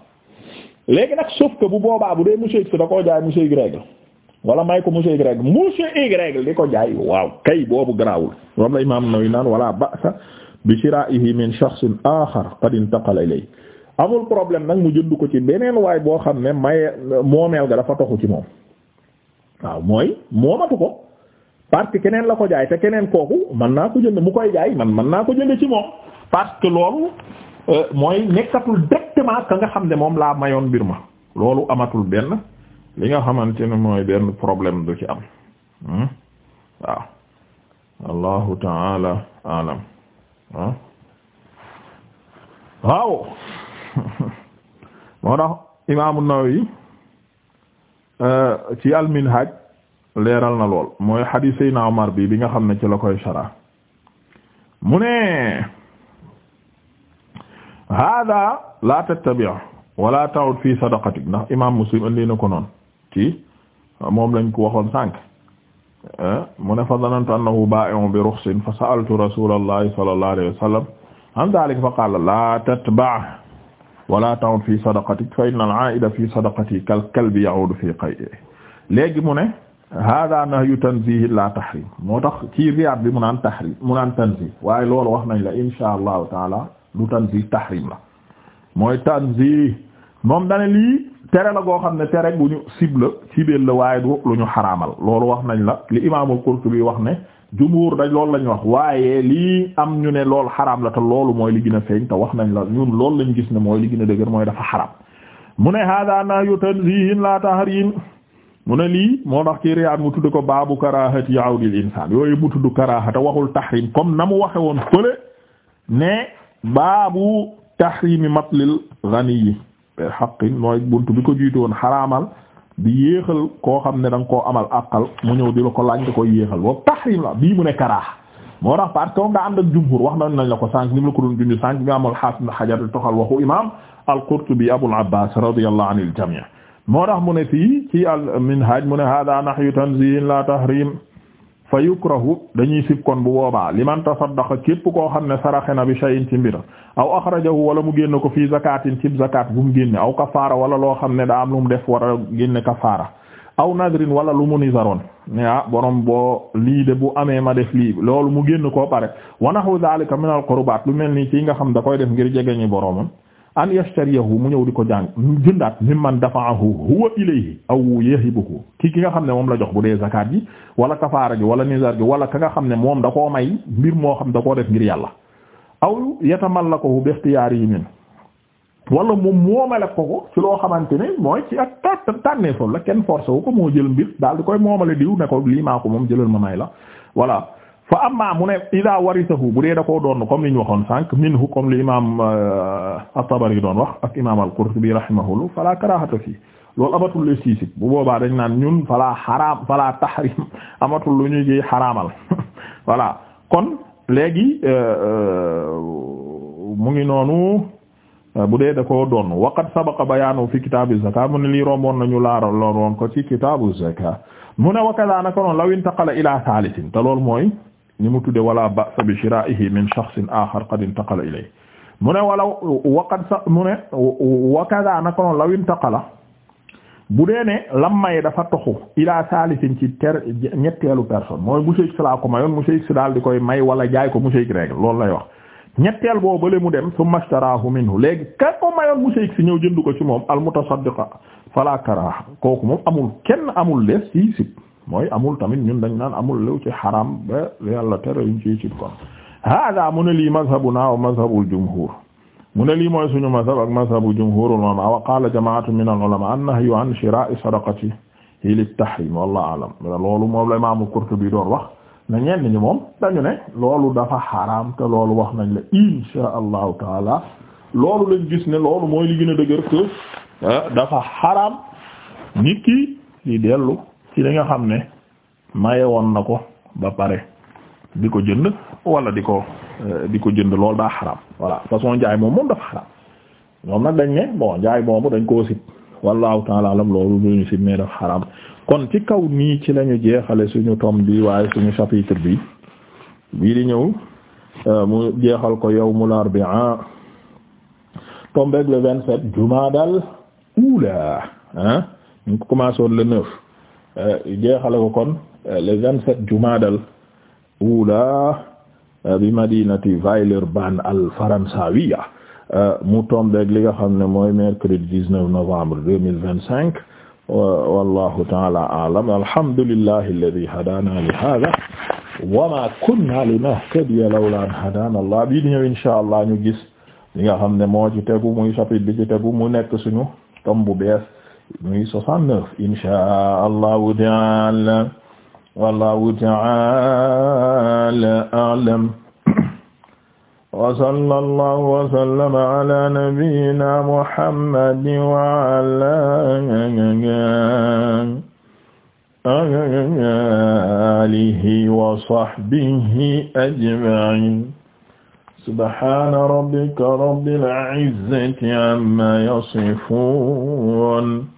léegi nag sauf que bu boobaa bu dee monsieur X da koo jaay monsieur Y wala may ko monsieur Y monsieur Y di ko jaay waaw kay boobu garaawul moom la imaam Nawawi naan wala ba'sa bi shira'ihi min shakhsin akhar qad intaqala ilay amul problème nag mu jënd ko ci beneen waay boo xam ne maye moomeel ga dafa toxu ci moom waaw mooy moomatu ko. parce que keneen la ko jaay te keneen kooku mën naa ko jënd mu koy jaay man mën naa ko jënd ci moom parce que loolu euh, mooy nekkatul directement ka nga xam ne moom laa mayoon mbir ma loolu amatul benn li nga xamante ne mooy benn problème du ci am hmm? waaw allahu taala alam ah waaw *laughs* moo tax imaamu Nawawi euh, ci al-Minhaj leeral na lool mooy xadiis Seydina Umar bi bi nga xam ne ci la koy shara mu ne hada la tattabi' wala ta'ud fi sadaqatik ndax imam Muslim andi na ko noon ci moom lañ ko waxoon sànq eh, mu ne fa zanantu annahu baa'i'un bi ruxsin fa sa'altu rasulallahi sallallahu alayhi wa sallam an dhaalika fa qaala la tatba' wala ta'ud fi sadaqatik fa inna al-'aa'ida fi sadaqati kal kalbi ya'uudu fi qay'ihi léegi mu ne hada nahyu tanzih la tahrim moo tax ci riyaat bi mu naan tahrim mu naan tanzih waaye loolu wax nañ la insha allahu taala lu tanzih tahrim la mooy tanzih moom dane lii tere la goo xam ne tere bu ñu sib la sibeel la waaye du lu ñu xaraamal loolu wax nañ la li imaamul bi wax ne jumhur dañ loolu lañ wax waaye lii am ñu ne lool xaraam la te loolu mooy li gën a feeñ te wax nañ la ñun lool lañ gis ne mooy li gën a dëgër mooy dafa xaraam mu ne lii moo tax ci yaat mu tudd ko baabu karahati awdil insaan yooyu mu tudd karahata waxul tahrim comme na mu waxe woon fële ne baabu tahrimi matlil ghaniyi haqqin nooy buntu bi ko jiitu woon xaraamal di yéexal koo xam ne da nga koo amal àqal mu ñëw di la ko laaj nga koy yéexal boobu tahrim la bii mu ne karaaha moo tax parce que nga ànd ak jumhur wax nañ nañ la ko sànq ni mu la ko doon junj sànq bi amul xaafis na xajar di toxal waxu imam al-Qurtubi Abul Abbas radiyallahu moo tax mu ne fii ci al minhaj mu ne hada nahyu tanzihin la tahrim fa yukrahu dañuy sib kon bu boobaa liman tasaddaqa képp koo xam ne saraxe na bi shay'in ci mbir aw axrajahu wala mu génne ko fii zakatin cib zakat bu mu génne aw kafaara wala loo xam ne daam am lu mu def war a génne kafaara aw nadrin wala lu mu nizaroon ah borom boo lii de bu amee ma def lii loolu mu génn koo pare wa nahu zalika min al qurbat lu mel nii ci nga xam da koy def ngir jege ñi boromam an yashtariyahu mu ñëw di ko jàng jëndaat mimman dafa'ahu huwa ilayhi aw yahibuhu kii ki nga xam ne moom la jox bu dee zakat ji wala kafaara ji wala nizar ji wala ka nga xam ne moom da koo may mbir moo xam da koo def ngir yàlla aw yatamallakuhu bi ikhtiyarihi min wala moom moomale ko ko ci loo xamante ne mooy ci ak tànneefam la kenn forcé wu ko moo jël mbir daal di koy moomale diw ne ko lii maa ko moom jëlal ma may la voilà fa amma mu ne ida warisahu bu dee da koo doon comme li ñu waxoon sànq minhu comme li imam euh, at-Tabari doon wax ak imam al-Qurtubi rahimahullah fala karahata fii loolu amatul le siisig bu boobaa dañ naan ñun fala xaraam fala tahrim amatul lu ñu ci xaraamal *laughs* voilà kon léegi euh, euh, mu ngi noonu bu dee doon wax sabaqa bayaanu fi kitaabu zakaat mu ne lii romboon nañu laara loon ko ci kitaabu zakaat mu ne wakada naka noonu law intaqala ila thalithin te loolu mooy ni mu tudde wala ba'sa bi shira'ihi min shakhsin akhar qad intaqala ilayhi mu ne wala waqad sa mu ne wakada naka noonu law intaqala bu dee ne lam may dafa toxu ilaa saalisin ci ter ñetteelu personne mooy monsieur X laa ko mayoon monsieur X daal di koy may wala jaay ko monsieur rek loolu lay wax ñetteel boo bële mu dem summa ishtarahu minhu léegi ka ko mayoon monsieur X ñëw jënd ko ci moom al mutasaddiqa fala karaha kooku moom amul kenn amul lees ci sib mooy amul tamit ñun dañ naan amul lew ci xaram ba yàlla tere yuñ ci ci kon hada mu ne lii mazhabuna wa mazhabul jumhur mu ne lii mooy suñu mazhab ak mazhabu jumhurul ulama wa qala jama'atun min al ulama an-nahyu an shira'i sadaqati lit tahrim wallahu a'lam loolu moom la imam Qurtubi doon wax na ñenn ñi moom dañu ne loolu dafa xaram te loolu wax nañ la insha allahu taala loolu lañ gis ne loolu mooy li gën a dëgër que ah, dafa xaram nit ki li dellu ci li nga xam ne maye woon na ko ba pare di ko jënd wala di ko euh, di ko jënd loolu daa xaram voilà façon njaay moom moom dafa xaram ñoom nag dañ ne bon njaay moomu dañ ko sib wallahu taala alam loolu luñu sib mais dafa xaram kon ci kaw nii ci lañu jeexale suñu tome bi waaye suñu chapitre bi bii di ñëw euh, mu jeexal ko yawmul arba'a tombeeg le vingt sept jumaadal ula hein ñu ko commencé woon le neuf Euh, jeexale ko kon euh, le vingt-sept jumaadal ula euh, bi madinati Villeurbanne al faransawiya mu tombeeg li nga xam ne mooy mercredi 19 novembre 2025 wallahu taala aalam alhamdulillahi alladi hadana wa ma kunna linahtadiya lawla an allah bii di ñëw insha allah ñu gis li nga xam ne moo ci tegu muy chapitre bi ci tegu mu nekk suñu tombu bees muy soixante-neuf inshaa allahu taala wallahu taala a'lam wa sallallahu wa sallama ala nabiyyina muhammadin wa ala alihi wa sahbihi ajma'in subhana rabbika rabbil izzati amma yasifun